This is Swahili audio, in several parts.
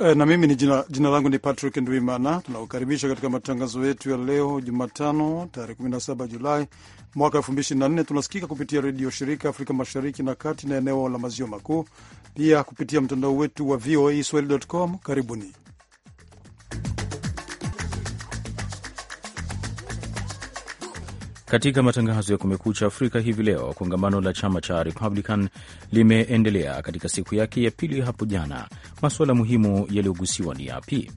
Eh, na mimi ni jina, jina langu ni Patrick Ndwimana. Tunakukaribisha katika matangazo yetu ya leo Jumatano tarehe 17 Julai mwaka 2024. Tunasikika kupitia redio shirika Afrika Mashariki na Kati na eneo la Maziwa Makuu, pia kupitia mtandao wetu wa VOA Swahili.com. Karibuni. Katika matangazo ya Kumekucha Afrika hivi leo, kongamano la chama cha Republican limeendelea katika siku yake ya pili hapo jana. Masuala muhimu yaliyogusiwa ni yapi?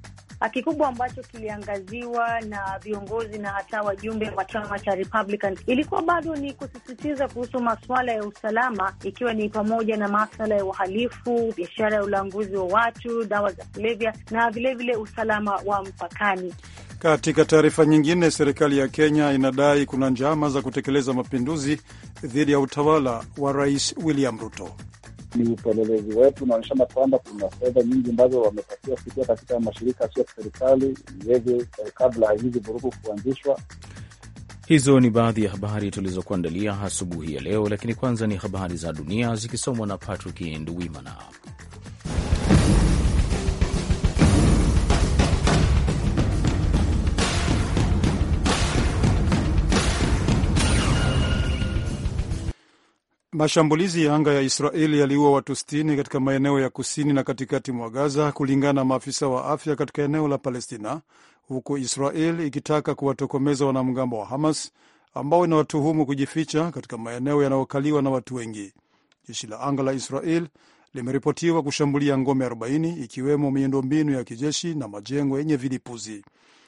Kikubwa ambacho kiliangaziwa na viongozi na hata wajumbe wa chama cha Republican ilikuwa bado ni kusisitiza kuhusu masuala ya usalama, ikiwa ni pamoja na masala ya uhalifu, biashara ya ulanguzi wa watu, dawa za kulevya na vilevile usalama wa mpakani. Katika taarifa nyingine, serikali ya Kenya inadai kuna njama za kutekeleza mapinduzi dhidi ya utawala wa Rais William Ruto. Ni upelelezi wetu unaonyeshana kwamba kuna fedha nyingi ambazo wametakiwa kupitia katika mashirika yasiyo ya kiserikali iweze eh, kabla hizi vurugu kuanzishwa. Hizo ni baadhi ya habari tulizokuandalia asubuhi ya leo, lakini kwanza ni habari za dunia zikisomwa na Patrick Nduwimana. Mashambulizi ya anga ya Israeli yaliua watu 60 katika maeneo ya kusini na katikati mwa Gaza, kulingana na maafisa wa afya katika eneo la Palestina, huku Israel ikitaka kuwatokomeza wanamgambo wa Hamas ambao inawatuhumu kujificha katika maeneo yanayokaliwa na watu wengi. Jeshi la anga la Israel limeripotiwa kushambulia ngome 40 ikiwemo miundombinu ya kijeshi na majengo yenye vilipuzi.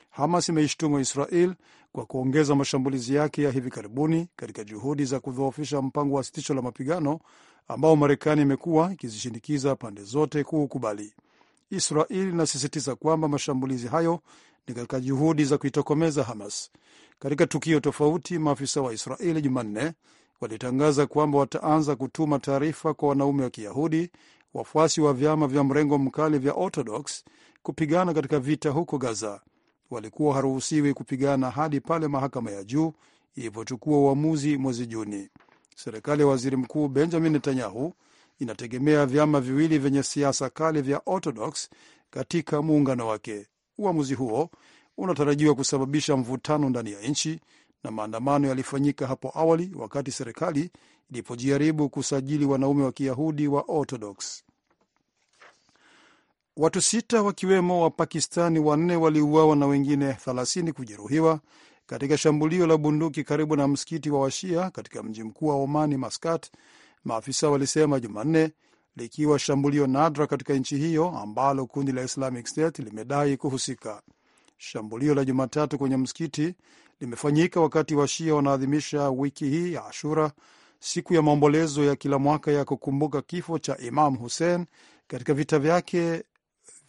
Hamas imeishtumu Israel kwa kuongeza mashambulizi yake ya hivi karibuni katika juhudi za kudhoofisha mpango wa sitisho la mapigano ambao Marekani imekuwa ikizishinikiza pande zote kuukubali. Israel inasisitiza kwamba mashambulizi hayo ni katika juhudi za kuitokomeza Hamas. Katika tukio tofauti, maafisa wa Israeli Jumanne walitangaza kwamba wataanza kutuma taarifa kwa wanaume wa Kiyahudi wafuasi wa vyama vya mrengo mkali vya Orthodox kupigana katika vita huko Gaza walikuwa haruhusiwi kupigana hadi pale mahakama ya juu ilivyochukua uamuzi mwezi Juni. Serikali ya waziri mkuu Benjamin Netanyahu inategemea vyama viwili vyenye siasa kali vya Orthodox katika muungano wake. Uamuzi huo unatarajiwa kusababisha mvutano ndani ya nchi, na maandamano yalifanyika hapo awali wakati serikali ilipojaribu kusajili wanaume wa Kiyahudi wa Orthodox. Watu sita wakiwemo Wapakistani wanne waliuawa na wengine 30 kujeruhiwa katika shambulio la bunduki karibu na msikiti wa Washia katika mji mkuu wa Omani, Maskat, maafisa walisema Jumanne, likiwa shambulio nadra katika nchi hiyo ambalo kundi la Islamic State limedai kuhusika. Shambulio la Jumatatu kwenye msikiti limefanyika wakati Washia wanaadhimisha wiki hii ya Ashura, siku ya maombolezo ya kila mwaka ya kukumbuka kifo cha Imam Hussein katika vita vyake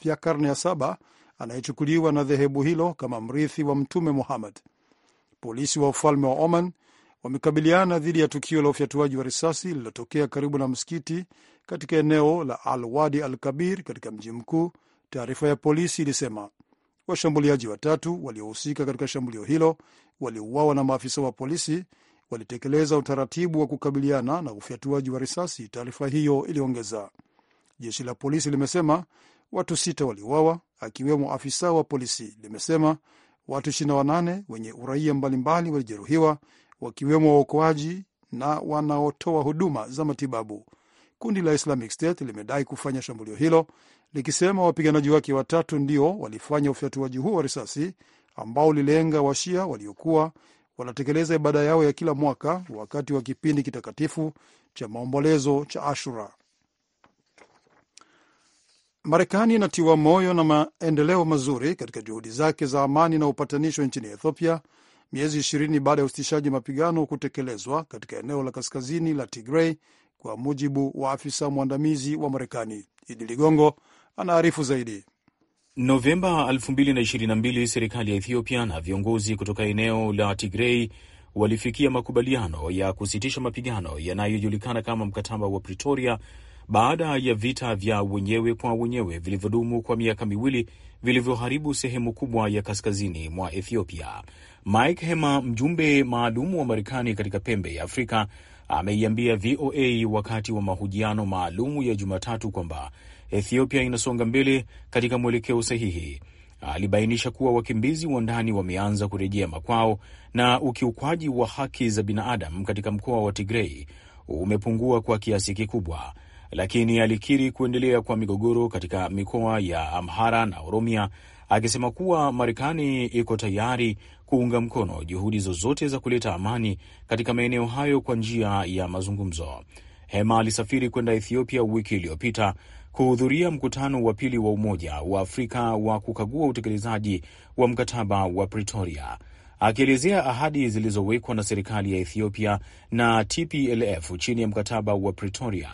ya karne ya saba anayechukuliwa na dhehebu hilo kama mrithi wa Mtume Muhammad. Polisi wa ufalme wa Oman wamekabiliana dhidi ya tukio la ufyatuaji wa risasi lililotokea karibu na msikiti katika eneo la Al Wadi Al Kabir katika mji mkuu. Taarifa ya polisi ilisema washambuliaji watatu waliohusika katika shambulio hilo waliuawa na maafisa wa polisi walitekeleza utaratibu wa kukabiliana na ufyatuaji wa risasi, taarifa hiyo iliongeza. Jeshi la polisi limesema watu sita waliuawa akiwemo afisa wa polisi limesema. Watu 28 wenye uraia mbalimbali walijeruhiwa wakiwemo waokoaji na wanaotoa huduma za matibabu. Kundi la Islamic State limedai kufanya shambulio hilo likisema wapiganaji wake watatu ndio walifanya ufyatuaji huo wa risasi ambao ulilenga washia waliokuwa wanatekeleza ibada yao ya kila mwaka wakati wa kipindi kitakatifu cha maombolezo cha Ashura. Marekani inatiwa moyo na maendeleo mazuri katika juhudi zake za amani na upatanisho nchini Ethiopia, miezi ishirini baada ya usitishaji mapigano kutekelezwa katika eneo la kaskazini la Tigrei, kwa mujibu wa afisa mwandamizi wa Marekani. Idi Ligongo anaarifu zaidi. Novemba 2022 serikali ya Ethiopia na viongozi kutoka eneo la Tigrei walifikia makubaliano ya kusitisha mapigano yanayojulikana kama mkataba wa Pretoria baada ya vita vya wenyewe kwa wenyewe vilivyodumu kwa miaka miwili vilivyoharibu sehemu kubwa ya kaskazini mwa Ethiopia. Mike Hema, mjumbe maalum wa Marekani katika pembe ya Afrika, ameiambia VOA wakati wa mahojiano maalum ya Jumatatu kwamba Ethiopia inasonga mbele katika mwelekeo sahihi. Alibainisha kuwa wakimbizi wa ndani wameanza kurejea makwao na ukiukwaji wa haki za binadamu katika mkoa wa Tigrei umepungua kwa kiasi kikubwa lakini alikiri kuendelea kwa migogoro katika mikoa ya Amhara na Oromia, akisema kuwa Marekani iko tayari kuunga mkono juhudi zozote za kuleta amani katika maeneo hayo kwa njia ya mazungumzo. Hema alisafiri kwenda Ethiopia wiki iliyopita kuhudhuria mkutano wa pili wa Umoja wa Afrika wa kukagua utekelezaji wa mkataba wa Pretoria, akielezea ahadi zilizowekwa na serikali ya Ethiopia na TPLF chini ya mkataba wa Pretoria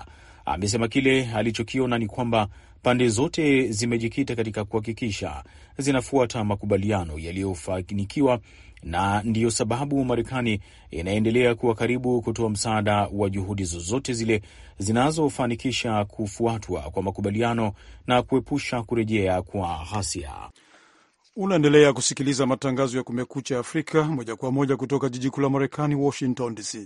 amesema kile alichokiona ni kwamba pande zote zimejikita katika kuhakikisha zinafuata makubaliano yaliyofanikiwa na ndiyo sababu Marekani inaendelea kuwa karibu kutoa msaada wa juhudi zozote zile zinazofanikisha kufuatwa kwa makubaliano na kuepusha kurejea kwa ghasia. Unaendelea kusikiliza matangazo ya Kumekucha Afrika moja kwa moja kutoka jiji kuu la Marekani, Washington DC.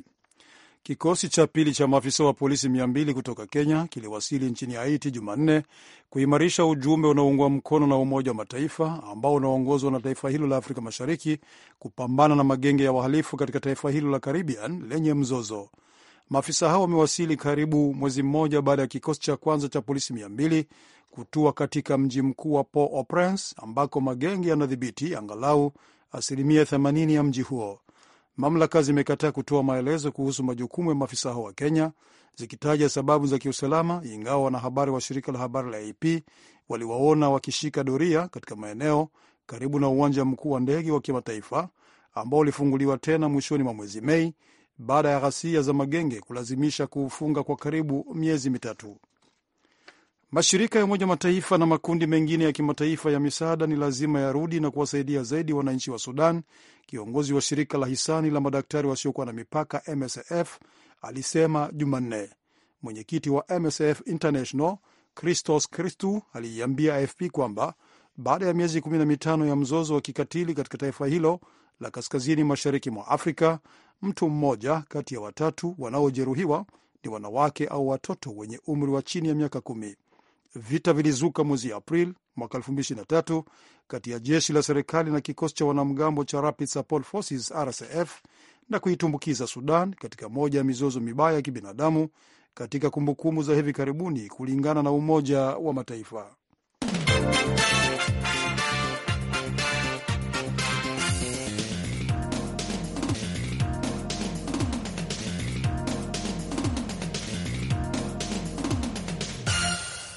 Kikosi cha pili cha maafisa wa polisi mia mbili kutoka Kenya kiliwasili nchini Haiti Jumanne kuimarisha ujumbe unaoungwa mkono na Umoja wa Mataifa ambao unaongozwa na taifa hilo la Afrika Mashariki kupambana na magenge ya wahalifu katika taifa hilo la Caribbean lenye mzozo. Maafisa hao wamewasili karibu mwezi mmoja baada ya kikosi cha kwanza cha polisi mia mbili kutua katika mji mkuu wa Port au Prince ambako magenge yanadhibiti angalau asilimia 80 ya mji huo. Mamlaka zimekataa kutoa maelezo kuhusu majukumu ya maafisa hao wa Kenya, zikitaja sababu za kiusalama, ingawa wanahabari wa shirika la habari la AP waliwaona wakishika doria katika maeneo karibu na uwanja mkuu wa ndege wa kimataifa ambao ulifunguliwa tena mwishoni mwa mwezi Mei baada ya ghasia za magenge kulazimisha kuufunga kwa karibu miezi mitatu. Mashirika ya Umoja Mataifa na makundi mengine ya kimataifa ya misaada ni lazima yarudi na kuwasaidia zaidi wananchi wa Sudan, kiongozi wa shirika la hisani la madaktari wasiokuwa na mipaka MSF alisema Jumanne. Mwenyekiti wa MSF International Christos Christu aliiambia AFP kwamba baada ya miezi 15 ya mzozo wa kikatili katika taifa hilo la kaskazini mashariki mwa Afrika, mtu mmoja kati ya watatu wanaojeruhiwa ni wanawake au watoto wenye umri wa chini ya miaka kumi. Vita vilizuka mwezi April mwaka 2023 kati ya jeshi la serikali na kikosi cha wanamgambo cha Rapid Support Forces RSF na kuitumbukiza Sudan katika moja ya mizozo mibaya ya kibinadamu katika kumbukumbu za hivi karibuni kulingana na Umoja wa Mataifa.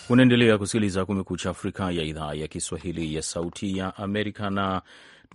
Unaendelea kusikiliza Kumekucha Afrika ya idhaa ya Kiswahili ya Sauti ya Amerika, na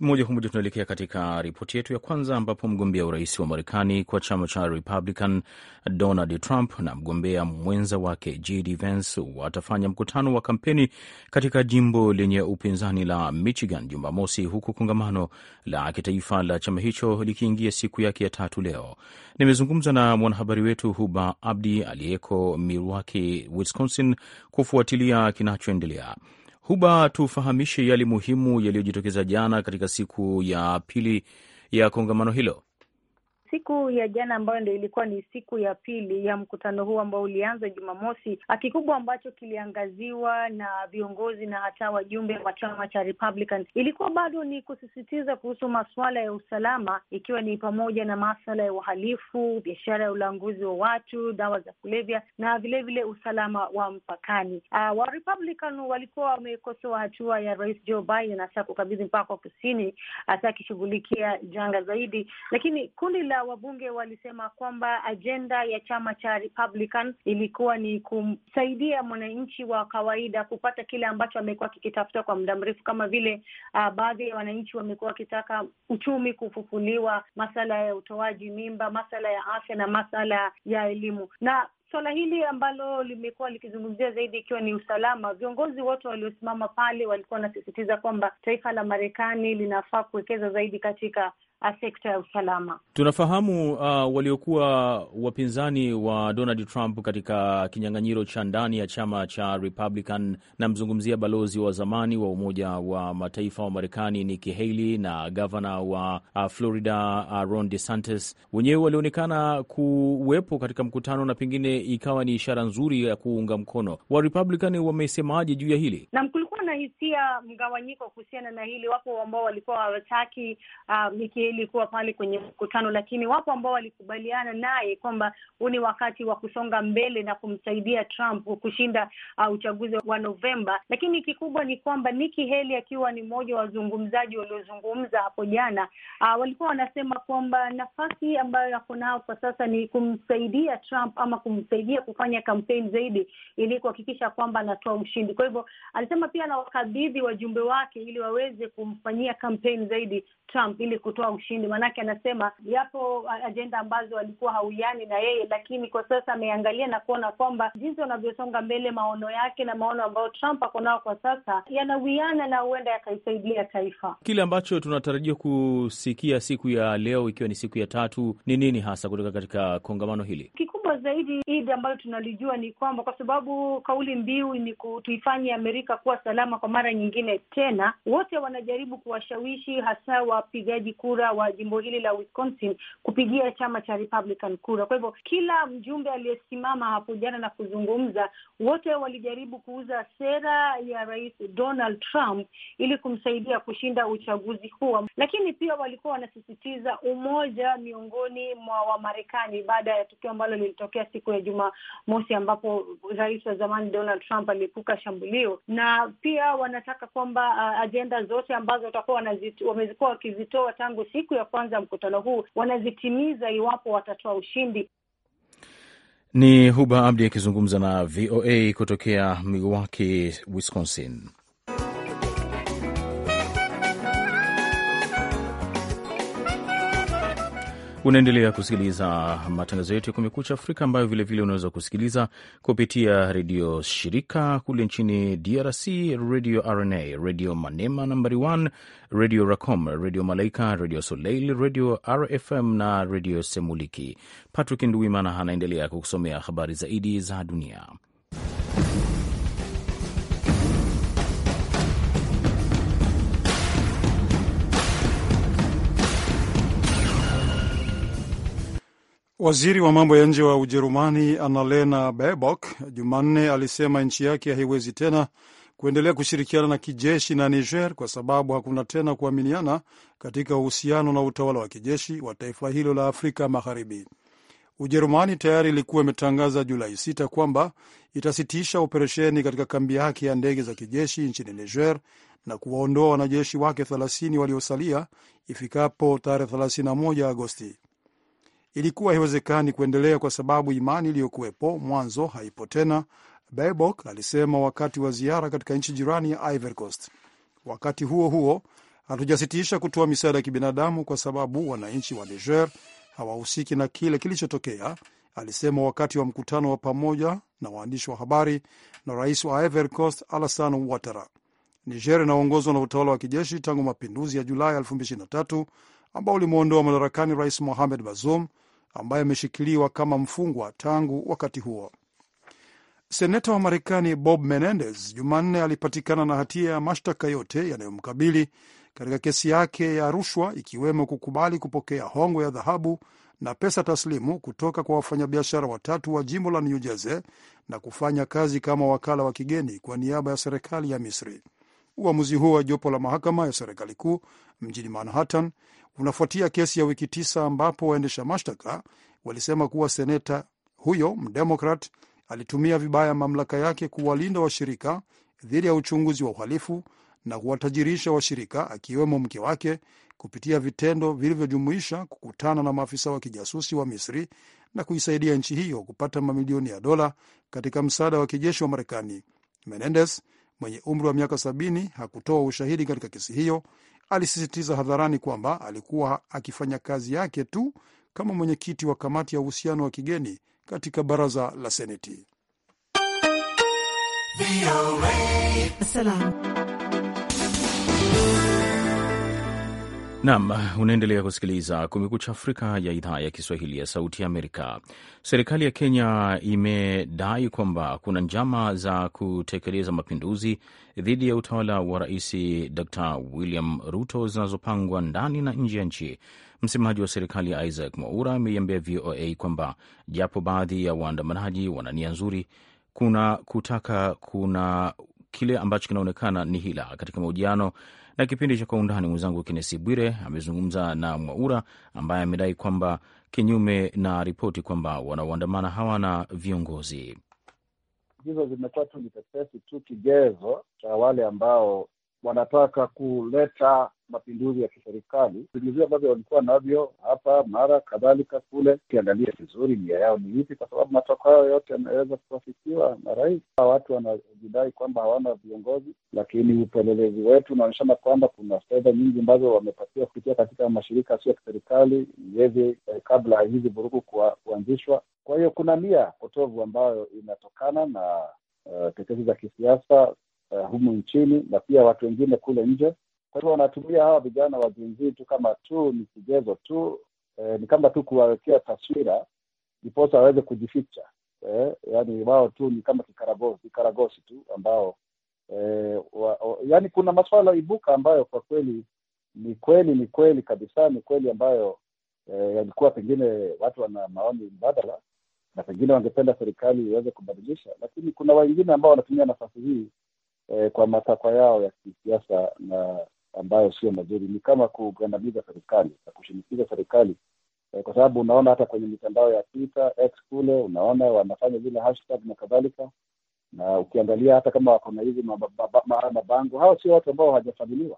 moja kwa moja tunaelekea katika ripoti yetu ya kwanza, ambapo mgombea urais wa Marekani kwa chama cha Republican Donald Trump na mgombea mwenza wake JD Vance watafanya mkutano wa kampeni katika jimbo lenye upinzani la Michigan Jumamosi, huku kongamano la kitaifa la chama hicho likiingia siku yake ya tatu leo. Nimezungumza na mwanahabari wetu Huba Abdi aliyeko Milwaukee, Wisconsin, kufuatilia kinachoendelea. Huba, tufahamishe yale muhimu yaliyojitokeza jana katika siku ya pili ya kongamano hilo siku ya jana ambayo ndo ilikuwa ni siku ya pili ya mkutano huu ambao ulianza Jumamosi, kikubwa ambacho kiliangaziwa na viongozi na hata wajumbe wa chama cha Republican ilikuwa bado ni kusisitiza kuhusu masuala ya usalama, ikiwa ni pamoja na masuala ya uhalifu, biashara ya ulanguzi wa watu, dawa za kulevya na vilevile vile usalama wa mpakani. Uh, wa Republican walikuwa wamekosoa hatua ya Rais Joe Biden hasa kukabidhi mpaka wa kusini hasa akishughulikia janga zaidi, lakini kundi la wabunge walisema kwamba ajenda ya chama cha Republican ilikuwa ni kumsaidia mwananchi wa kawaida kupata kile ambacho amekuwa kikitafuta kwa muda mrefu, kama vile uh, baadhi ya wananchi wamekuwa wakitaka uchumi kufufuliwa, masala ya utoaji mimba, masala ya afya na masala ya elimu na suala hili ambalo limekuwa likizungumzia zaidi ikiwa ni usalama. Viongozi wote waliosimama pale walikuwa wanasisitiza kwamba taifa la Marekani linafaa kuwekeza zaidi katika sekta ya usalama. Tunafahamu uh, waliokuwa wapinzani wa Donald Trump katika kinyang'anyiro cha ndani ya chama cha Republican, namzungumzia balozi wa zamani wa Umoja wa Mataifa wa Marekani Nikki Haley na gavana wa uh, Florida uh, Ron DeSantis, wenyewe walionekana kuwepo katika mkutano na pengine ikawa ni ishara nzuri ya kuunga mkono wa Wamesemaje juu ya hili? kuna hisia mgawanyiko kuhusiana na hili. Wapo ambao walikuwa hawataki uh, ah, Mikieli kuwa pale kwenye mkutano, lakini wapo ambao walikubaliana naye kwamba huu ni wakati wa kusonga mbele na kumsaidia Trump kushinda uh, uchaguzi wa Novemba. Lakini kikubwa ni kwamba Nikki Haley akiwa ni mmoja wa wazungumzaji waliozungumza hapo jana, uh, walikuwa wanasema kwamba nafasi ambayo yako nao kwa sasa ni kumsaidia Trump ama kumsaidia kufanya kampeni zaidi ili kuhakikisha kwamba anatoa ushindi. Kwa hivyo alisema pia na awakabidhi wajumbe wake ili waweze kumfanyia kampeni zaidi Trump ili kutoa ushindi. Maanake anasema yapo ajenda ambazo alikuwa hauiani na yeye, lakini kwa sasa ameangalia na kuona kwamba jinsi wanavyosonga mbele, maono yake na maono ambayo Trump ako nao kwa sasa yanawiana na huenda yakaisaidia taifa. Kile ambacho tunatarajia kusikia siku ya leo, ikiwa ni siku ya tatu, ni nini hasa kutoka katika kongamano hili Kiku kubwa zaidi idi ambayo tunalijua ni kwamba, kwa sababu kauli mbiu ni tuifanye Amerika kuwa salama kwa mara nyingine tena, wote wanajaribu kuwashawishi hasa wapigaji kura wa jimbo hili la Wisconsin kupigia chama cha Republican kura. Kwa hivyo kila mjumbe aliyesimama hapo jana na kuzungumza, wote walijaribu kuuza sera ya Rais Donald Trump ili kumsaidia kushinda uchaguzi huo, lakini pia walikuwa wanasisitiza umoja miongoni mwa Wamarekani baada ya tukio ambalo ilitokea siku ya Jumamosi ambapo rais wa zamani Donald Trump aliepuka shambulio, na pia wanataka kwamba uh, ajenda zote ambazo watakuwa wamekuwa wakizitoa tangu siku ya kwanza mkutano huu wanazitimiza iwapo watatoa ushindi. Ni Huba Abdi akizungumza na VOA kutokea Milwaukee, Wisconsin. Unaendelea kusikiliza matangazo yetu ya Kumekucha Afrika ambayo vilevile unaweza kusikiliza kupitia redio shirika kule nchini DRC, redio RNA, redio Manema nambari 1, redio Racom, redio Malaika, redio Soleil, redio RFM na redio Semuliki. Patrick Nduwimana anaendelea kukusomea habari zaidi za dunia. Waziri wa mambo ya nje wa Ujerumani Annalena Baerbock Jumanne alisema nchi yake haiwezi tena kuendelea kushirikiana na kijeshi na Niger kwa sababu hakuna tena kuaminiana katika uhusiano na utawala wa kijeshi wa taifa hilo la Afrika Magharibi. Ujerumani tayari ilikuwa imetangaza Julai 6 kwamba itasitisha operesheni katika kambi yake ya ndege za kijeshi nchini Niger na kuwaondoa wanajeshi wake 30 waliosalia ifikapo tarehe 31 Agosti. Ilikuwa haiwezekani kuendelea kwa sababu imani iliyokuwepo mwanzo haipo tena, bebok alisema wakati wa ziara katika nchi jirani ya Ivory Coast. Wakati huo huo, hatujasitisha kutoa misaada ya kibinadamu kwa sababu wananchi wa Niger hawahusiki na kile kilichotokea, alisema wakati wa mkutano wa pamoja na waandishi wa habari na rais wa Ivory Coast Alassane Ouattara. Niger inaongozwa na utawala wa kijeshi tangu mapinduzi ya Julai 2023 ambao ulimwondoa madarakani rais Mohamed Bazoum ambaye ameshikiliwa kama mfungwa tangu wakati huo. Seneta wa Marekani Bob Menendez Jumanne alipatikana na hatia ya mashtaka yote yanayomkabili katika kesi yake ya rushwa, ikiwemo kukubali kupokea hongo ya dhahabu na pesa taslimu kutoka kwa wafanyabiashara watatu wa jimbo la New Jersey na kufanya kazi kama wakala wa kigeni kwa niaba ya serikali ya Misri. Uamuzi huo wa jopo la mahakama ya serikali kuu mjini Manhattan unafuatia kesi ya wiki tisa ambapo waendesha mashtaka walisema kuwa seneta huyo mdemokrat alitumia vibaya mamlaka yake kuwalinda washirika dhidi ya uchunguzi wa uhalifu na kuwatajirisha washirika akiwemo mke wake kupitia vitendo vilivyojumuisha kukutana na maafisa wa kijasusi wa Misri na kuisaidia nchi hiyo kupata mamilioni ya dola katika msaada wa kijeshi wa Marekani. Menendez mwenye umri wa miaka sabini hakutoa ushahidi katika kesi hiyo alisisitiza hadharani kwamba alikuwa akifanya kazi yake tu kama mwenyekiti wa kamati ya uhusiano wa kigeni katika baraza la Seneti. nam unaendelea kusikiliza Kumekucha Afrika ya idhaa ya Kiswahili ya Sauti ya Amerika. Serikali ya Kenya imedai kwamba kuna njama za kutekeleza mapinduzi dhidi ya utawala wa Rais Dr William Ruto zinazopangwa ndani na nje ya nchi. Msemaji wa serikali ya Isaac Mwaura ameiambia VOA kwamba japo baadhi ya waandamanaji wana nia nzuri, kuna kutaka kuna kile ambacho kinaonekana ni hila. Katika mahojiano na kipindi cha Kwa Undani, mwenzangu kennesi Bwire amezungumza na Mwaura ambaye amedai kwamba kinyume na ripoti kwamba wanaoandamana hawana viongozi, hizo zimekuwa tu ni tu kigezo cha wale ambao wanataka kuleta mapinduzi ya kiserikali, vingizio ambavyo walikuwa navyo hapa, mara kadhalika kule. Ukiangalia vizuri, nia yao ni ipi? Kwa sababu matoko hayo yote yameweza kuafikiwa na rais. Watu wanajidai kwamba hawana viongozi, lakini upelelezi wetu unaonyeshana kwamba kuna fedha nyingi ambazo wamepatiwa kupitia katika mashirika yasiyo ya kiserikali miezi eh, kabla ya hizi vurugu kuanzishwa. Kwa hiyo kuna nia potovu ambayo inatokana na uh, eh, tetezi za kisiasa uh, humu nchini na pia watu wengine kule nje. Kwa hivyo wanatumia hawa vijana wa jinzii tu kama tu ni kigezo tu eh, ni kama tu kuwawekea taswira ndiposa waweze kujificha eh, yani wao tu ni kama kikaragosi, kikaragosi tu ambao eh, wa, wa, yani kuna maswala ibuka ambayo kwa kweli ni kweli ni kweli kabisa ni kweli ambayo eh, yalikuwa pengine watu wana maoni mbadala na pengine wangependa serikali iweze kubadilisha, lakini kuna wengine ambao wanatumia nafasi hii eh, kwa matakwa yao ya kisiasa na ambayo sio mazuri, ni kama kugandamiza serikali na kushinikiza serikali eh, kwa sababu unaona hata kwenye mitandao ya Twitter, X kule unaona wanafanya zile hashtag na kadhalika, na ukiangalia hata kama wako na hizi mabango, hao sio watu ambao hawajafadhiliwa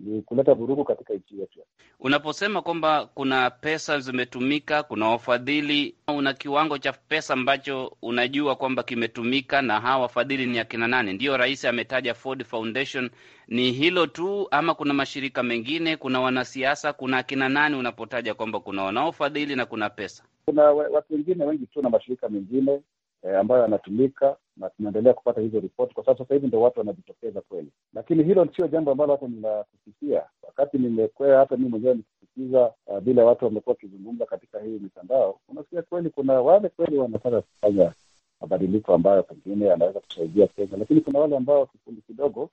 ni kuleta vurugu katika nchi yetu. Unaposema kwamba kuna pesa zimetumika, kuna wafadhili, una kiwango cha pesa ambacho unajua kwamba kimetumika na hawa wafadhili ni akina nane Ndiyo, rais ametaja Ford Foundation. Ni hilo tu ama kuna mashirika mengine, kuna wanasiasa, kuna akina nane Unapotaja kwamba kuna wanaofadhili na kuna pesa, kuna watu wengine wengi tu na mashirika mengine e, ambayo yanatumika na tunaendelea kupata hizo ripoti kwa sababu Sasa hivi ndo watu wanajitokeza kweli, lakini hilo sio jambo ambalo hata ninakusifia. Wakati nimekwea hata mii mwenyewe nikisikiza e, vile uh, watu wamekuwa wakizungumza katika hii mitandao, unasikia kweli kuna wale kweli wanataka kufanya mabadiliko ambayo pengine yanaweza kusaidia Kenya, lakini kuna wale ambao kikundi kidogo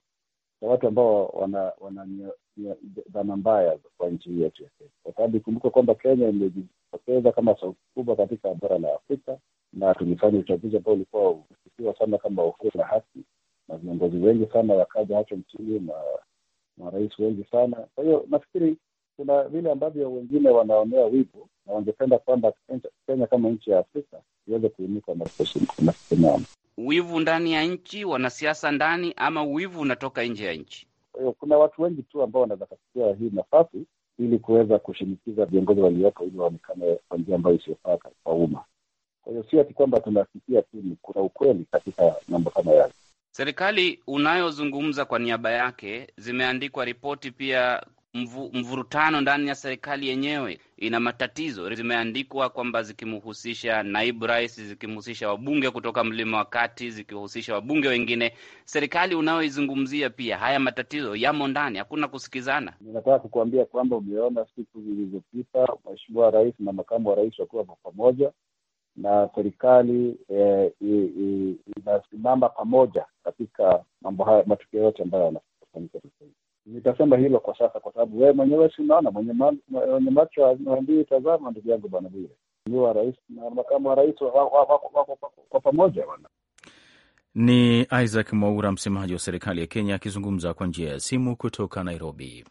na watu ambao wana wana dhana mbaya kwa nchi yetu ya Kenya, kwa sababu ikumbuka kwamba Kenya imejitokeza kama sauti kubwa katika bara la Afrika na tulifanya uchaguzi ambao ulikuwa ukisifiwa sana kama ukweli na haki, na viongozi wengi sana wakaja hacho nchini na marais wengi sana. Kwa hiyo nafikiri kuna vile ambavyo wengine wanaonea wivu na wangependa kwamba Kenya kama nchi ya Afrika iweze kuinuka na kusimama. Wivu ndani ya nchi, wanasiasa ndani, ama wivu unatoka nje ya nchi? Kwa hiyo kuna watu wengi tu ambao wanaweza kafikia hii nafasi ili kuweza kushinikiza viongozi waliopo ili waonekane kwa njia ambayo isiyofaa kwa umma. Kwa hiyo sio ati kwamba tunasikia tu, kuna ukweli katika mambo kama yale. Serikali unayozungumza kwa niaba yake, zimeandikwa ripoti pia mvu, mvurutano ndani ya serikali yenyewe ina matatizo. Zimeandikwa kwamba zikimhusisha naibu rais, zikimhusisha wabunge kutoka mlima wa kati, zikihusisha wabunge wengine. Serikali unayoizungumzia pia haya matatizo yamo ndani, hakuna kusikizana. Ninataka kukuambia kwamba umeona siku zilizopita mheshimiwa rais na makamu wa rais wakiwa pamoja na serikali eh, inasimama pamoja katika mambo haya, matukio yote ambayo yanafanyika sasa hivi. Nitasema hilo kwa sasa, kwa sababu wewe mwenyewe si unaona, mwenye macho aambii tazama. Ndugu yangu bwana Bwire, wa rais na makamu wa rais wako kwa pamoja wana ni Isaac Mwaura, msemaji wa serikali ya Kenya, akizungumza kwa njia ya simu kutoka Nairobi.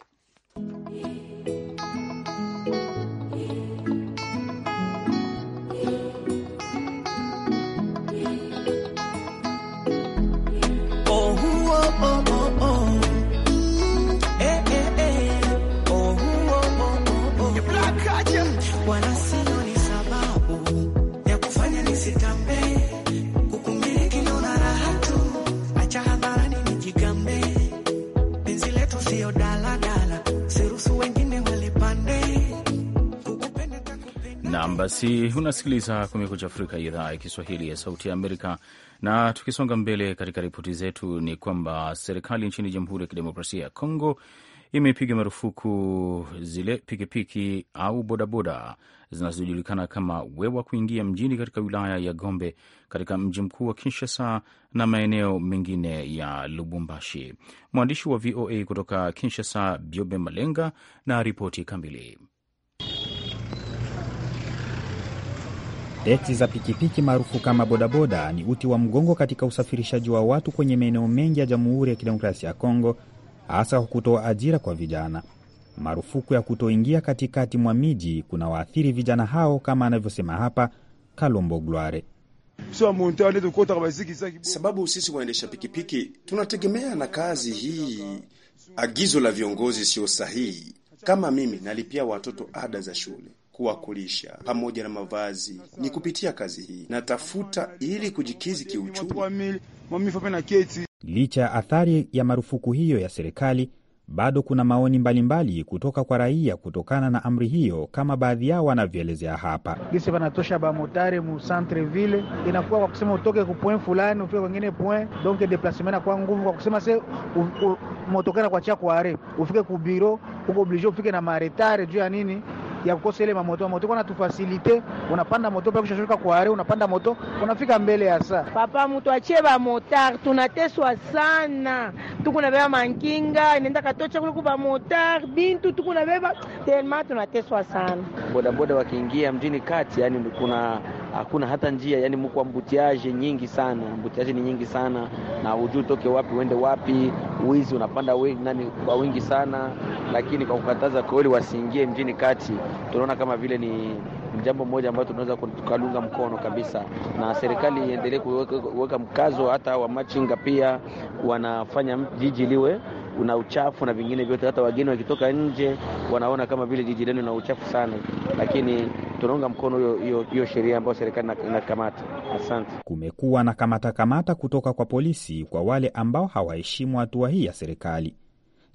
basi unasikiliza Kumekucha Afrika, idhaa ya Kiswahili ya Sauti ya Amerika. Na tukisonga mbele katika ripoti zetu, ni kwamba serikali nchini Jamhuri ya Kidemokrasia ya Kongo imepiga marufuku zile pikipiki au bodaboda zinazojulikana kama wewa kuingia mjini katika wilaya ya Gombe katika mji mkuu wa Kinshasa na maeneo mengine ya Lubumbashi. Mwandishi wa VOA kutoka Kinshasa, Biobe Malenga na ripoti kamili. Teksi za pikipiki maarufu kama bodaboda ni uti wa mgongo katika usafirishaji wa watu kwenye maeneo mengi ya Jamhuri ya Kidemokrasia ya Kongo, hasa kwa kutoa ajira kwa vijana. Marufuku ya kutoingia katikati mwa miji kuna waathiri vijana hao, kama anavyosema hapa Kalombo Gloire. Sababu sisi waendesha pikipiki tunategemea na kazi hii agizo la viongozi siyo sahihi. Kama mimi nalipia watoto ada za shule kuwakulisha pamoja na mavazi. Ni kupitia kazi hii natafuta ili kujikizi kiuchumi. Licha ya athari ya marufuku hiyo ya serikali, bado kuna maoni mbalimbali mbali kutoka kwa raia kutokana na amri hiyo, kama baadhi yao wanavyoelezea hapa. Gisi vanatosha bamotare mu centre ville, inakuwa kwa kusema utoke ku point fulani ufike kwengine point, donc deplasement inakuwa nguvu kwa kusema se motokana kwa chia kuare ufike ku biro, uko oblige ufike na maretare juu ya nini ya kukosa ile mamoto. Mamoto kwa natufasilite, unapanda moto pa kushashuka kwa are, unapanda moto unafika mbele ya saa. Papa mtu achie ba motar, tunateswa sana, tuko na beba mankinga inaenda katocha kule kwa motar bintu, tuko na beba telma, tunateswa sana. Bodaboda wakiingia mjini kati, yani kuna hakuna hata njia, yani mko ambutiaje nyingi sana, ambutiaje ni nyingi sana na hujui toke wapi uende wapi. Wizi unapanda wengi, nani kwa wingi sana, lakini kwa kukataza kweli wasiingie mjini kati, tunaona kama vile ni jambo moja ambayo tunaweza tukalunga mkono kabisa, na serikali iendelee kuweka mkazo hata wa machinga pia wanafanya jiji liwe una uchafu na vingine vyote. Hata wageni wakitoka nje wanaona kama vile jiji lenu na uchafu sana, lakini tunaunga mkono hiyo sheria ambayo serikali inakamata. Asante. Kumekuwa na kamata kamata kutoka kwa polisi kwa wale ambao hawaheshimu hatua hii ya serikali.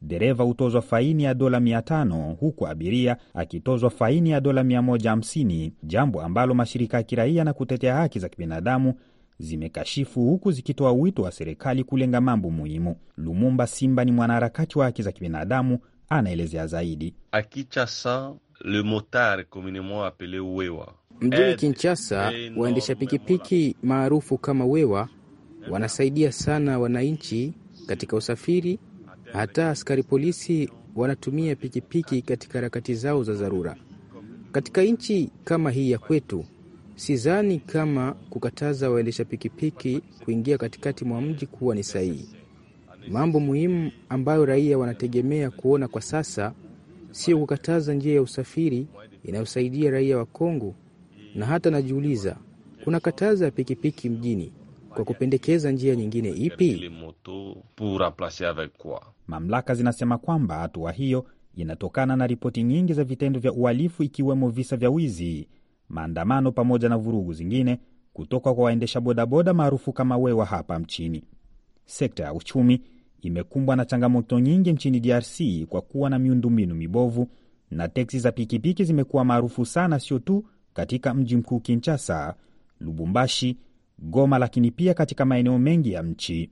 Dereva hutozwa faini ya dola 500 huku abiria akitozwa faini ya dola 150, jambo ambalo mashirika ya kiraia na kutetea haki za kibinadamu zimekashifu huku zikitoa wito wa serikali kulenga mambo muhimu. Lumumba Simba ni mwanaharakati wa haki za kibinadamu, anaelezea zaidi. Akichasa le wewa, mjini kinchasa eh, waendesha pikipiki maarufu kama wewa wanasaidia sana wananchi katika usafiri. Hata askari polisi wanatumia pikipiki katika harakati zao za dharura. Katika nchi kama hii ya kwetu Sidhani kama kukataza waendesha pikipiki kuingia katikati mwa mji kuwa ni sahihi. Mambo muhimu ambayo raia wanategemea kuona kwa sasa sio kukataza njia ya usafiri inayosaidia raia wa Kongo, na hata najiuliza kunakataza pikipiki mjini kwa kupendekeza njia nyingine ipi? Mamlaka zinasema kwamba hatua hiyo inatokana na ripoti nyingi za vitendo vya uhalifu ikiwemo visa vya wizi maandamano pamoja na vurugu zingine kutoka kwa waendesha bodaboda maarufu kama wewa hapa mchini. Sekta ya uchumi imekumbwa na changamoto nyingi nchini DRC kwa kuwa na miundombinu mibovu na teksi za pikipiki zimekuwa maarufu sana, sio tu katika mji mkuu Kinshasa, Lubumbashi, Goma, lakini pia katika maeneo mengi ya nchi.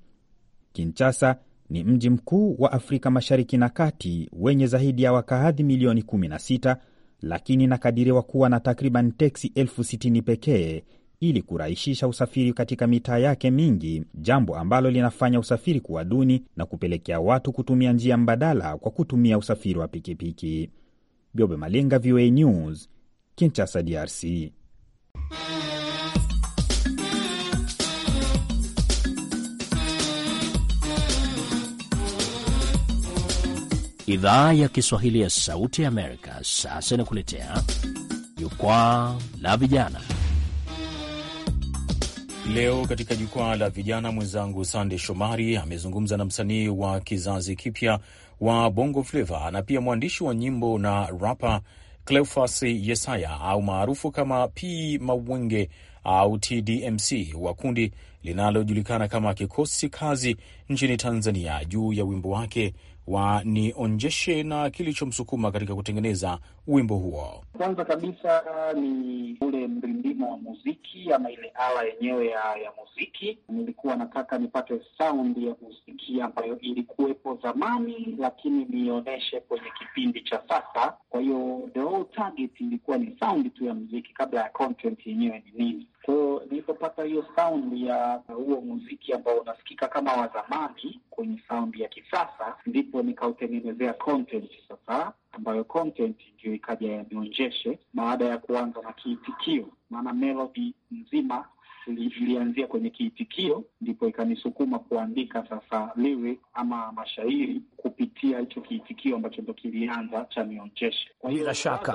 Kinshasa ni mji mkuu wa Afrika Mashariki na Kati wenye zaidi ya wakaadhi milioni 16 lakini inakadiriwa kuwa na takriban teksi elfu sitini pekee ili kurahisisha usafiri katika mitaa yake mingi, jambo ambalo linafanya usafiri kuwa duni na kupelekea watu kutumia njia mbadala kwa kutumia usafiri wa pikipiki. Byobe Malinga, VOA News, Kinshasa, DRC. Idhaa ya Kiswahili ya Sauti ya Amerika sasa inakuletea jukwaa la vijana. Leo katika jukwaa la vijana, mwenzangu Sande Shomari amezungumza na msanii wa kizazi kipya wa Bongo Flava na pia mwandishi wa nyimbo na rapa Cleofas Yesaya au maarufu kama P Mawenge au TDMC wa kundi linalojulikana kama Kikosi Kazi nchini Tanzania juu ya wimbo wake wanionjeshe na kilichomsukuma katika kutengeneza wimbo huo. Kwanza kabisa ni ule mrindimo wa muziki ama ile ala yenyewe ya, ya muziki. Nilikuwa nataka nipate saundi ya muziki ambayo ilikuwepo zamani, lakini nionyeshe kwenye kipindi cha sasa. Kwa hiyo the whole target ilikuwa ni saundi tu ya muziki kabla ya content yenyewe ni nini. Kwa hiyo nilipopata hiyo saundi ya huo muziki ambao unasikika kama wa zamani kwenye saundi ya kisasa, ndipo nikautengenezea content sasa, ambayo content ndio ikaja yanionjeshe baada ya kuanza na kiitikio, maana melody nzima ilianzia kwenye kiitikio, ndipo ikanisukuma kuandika sasa liwe ama mashairi kupitia hicho kiitikio ambacho ndo kilianza cha mionjeshe. Kwa hiyo bila shaka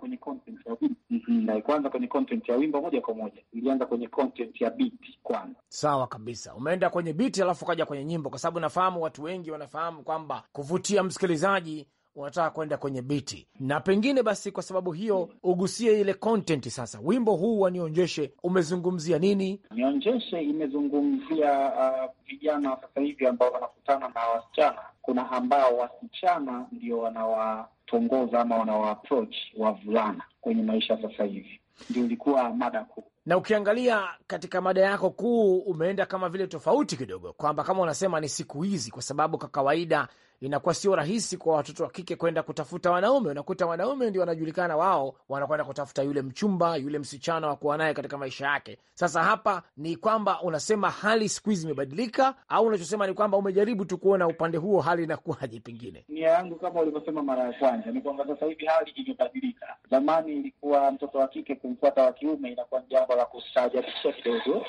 kwenye content ya wimbo mhm. na kwenye content ya wimbo moja kwa moja, ilianza kwenye content ya biti kwanza. Sawa kabisa, umeenda kwenye biti alafu ukaja kwenye nyimbo, kwa sababu nafahamu watu wengi wanafahamu kwamba kuvutia msikilizaji wanataka kwenda kwenye biti, na pengine basi kwa sababu hiyo ugusie ile content. Sasa wimbo huu wa Nionjeshe umezungumzia nini? Nionjeshe imezungumzia uh, vijana uh, sasa hivi ambao wanakutana na wasichana. Kuna ambao wasichana ndio wanawatongoza ama wanawaapproach wavulana kwenye maisha sasa hivi, ndio ilikuwa mada kuu na ukiangalia katika mada yako kuu umeenda kama vile tofauti kidogo, kwamba kama unasema ni siku hizi, kwa sababu kwa kawaida inakuwa sio rahisi kwa watoto wa kike kwenda kutafuta wanaume. Unakuta wanaume ndio wanajulikana, wao wanakwenda kutafuta yule mchumba, yule msichana wa kuwa naye katika maisha yake. Sasa hapa ni kwamba unasema hali siku hizi imebadilika, au unachosema ni kwamba umejaribu tu kuona upande huo hali inakuwaje? Pengine nia yangu kama ulivyosema mara ya kwanza ni kwamba sasa hivi hali imebadilika. Zamani ilikuwa mtoto wa kike kumfuata wa kiume inakuwa ni jambo la kustaajabisha kidogo,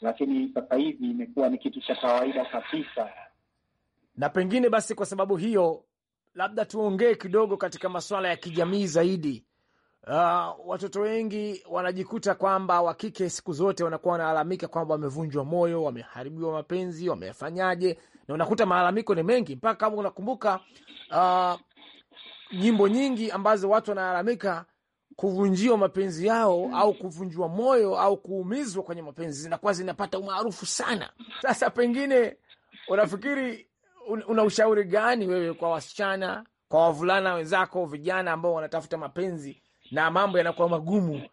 lakini sasa hivi imekuwa ni kitu cha kawaida kabisa na pengine basi kwa sababu hiyo labda tuongee kidogo katika masuala ya kijamii zaidi. Uh, watoto wengi wanajikuta kwamba wa kike siku zote wanakuwa wanalalamika kwamba wamevunjwa moyo, wameharibiwa mapenzi, wamefanyaje, na unakuta malalamiko ni mengi, mpaka kama unakumbuka uh, nyimbo nyingi ambazo watu wanalalamika kuvunjiwa mapenzi yao au kuvunjwa moyo au kuumizwa kwenye mapenzi zinakuwa zinapata umaarufu sana. Sasa pengine unafikiri una ushauri gani wewe kwa wasichana, kwa wavulana wenzako, vijana ambao wanatafuta mapenzi na mambo yanakuwa magumu?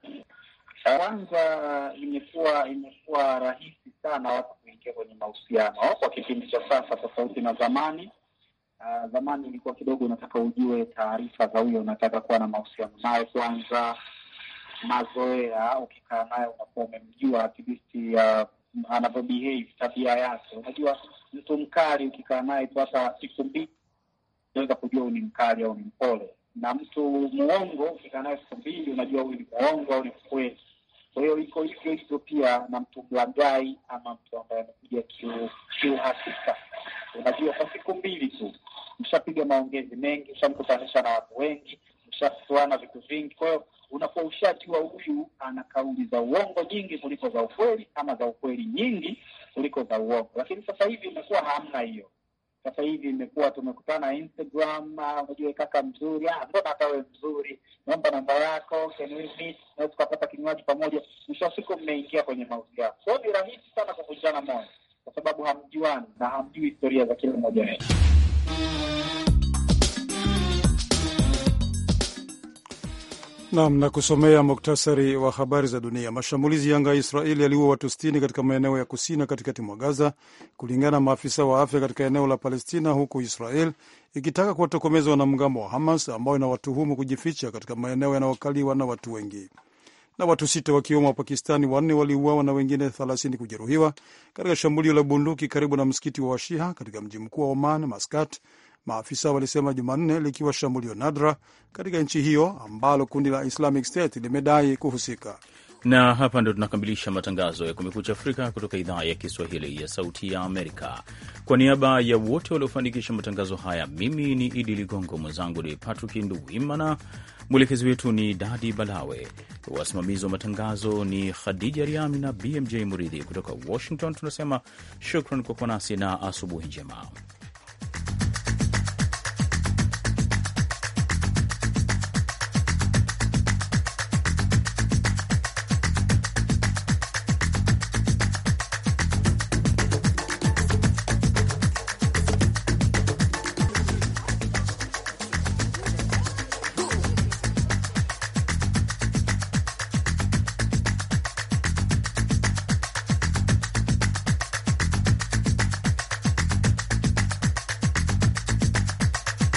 Kwanza, imekuwa imekuwa rahisi sana watu kuingia kwenye mahusiano kwa kipindi cha sasa, tofauti na zamani. Uh, zamani ilikuwa kidogo unataka ujue taarifa za huyo unataka kuwa na mahusiano naye kwanza, mazoea. Ukikaa naye unakuwa umemjua at least uh, anavyo behave, tabia yake, unajua mtu mkali ukikaa naye tu hata siku mbili unaweza kujua huyu ni mkali au ni mpole, na mtu muongo ukikaa naye siku mbili unajua huyu ni muongo au ni mkweli. Kwa hiyo iko hivyo hivyo pia na mtu mlagai ama mtu ambaye amekuja kiuhakika, unajua kwa siku mbili tu mshapiga maongezi mengi, ushamkutanisha na watu wengi, mshafuana vitu vingi, kwa hiyo unakuwa ushajua huyu ana kauli za uongo nyingi kuliko za ukweli ama za ukweli nyingi kuliko za uongo. Lakini sasa hivi imekuwa hamna hiyo. Sasa hivi imekuwa tumekutana Instagram, ah, unajua kaka mzuri, ah, mbona hata mzuri, naomba namba yako, tukapata kinywaji pamoja. Mwisho wa siku mmeingia kwenye mahusiano. Kwa hiyo ni rahisi sana kuvunjana moyo, kwa sababu hamjuani na hamjui historia za kila mmoja wetu. Nam na kusomea muktasari wa habari za dunia. Mashambulizi yanga ya Israeli yaliua watu 60 katika maeneo ya kusini katikati mwa Gaza, kulingana na maafisa wa afya katika eneo la Palestina, huku Israel ikitaka kuwatokomeza wanamgambo wa Hamas ambao inawatuhumu kujificha katika maeneo yanayokaliwa na watu wengi. Na watu sita wakiwemo Wapakistani wanne waliuawa na wengine 30 kujeruhiwa katika shambulio la bunduki karibu na msikiti wa Washiha katika mji mkuu wa Oman, Maskat, maafisa walisema Jumanne, likiwa shambulio nadra katika nchi hiyo ambalo kundi la Islamic State limedai kuhusika. Na hapa ndo tunakamilisha matangazo ya Kumekucha Afrika kutoka idhaa ya Kiswahili ya Sauti ya Amerika. Kwa niaba ya wote waliofanikisha matangazo haya, mimi ni Idi Ligongo, mwenzangu ni Patrick Nduwimana, mwelekezi wetu ni Dadi Balawe, wasimamizi wa matangazo ni Khadija Riami na BMJ Muridhi. Kutoka Washington tunasema shukran kwa kuwa nasi na asubuhi njema.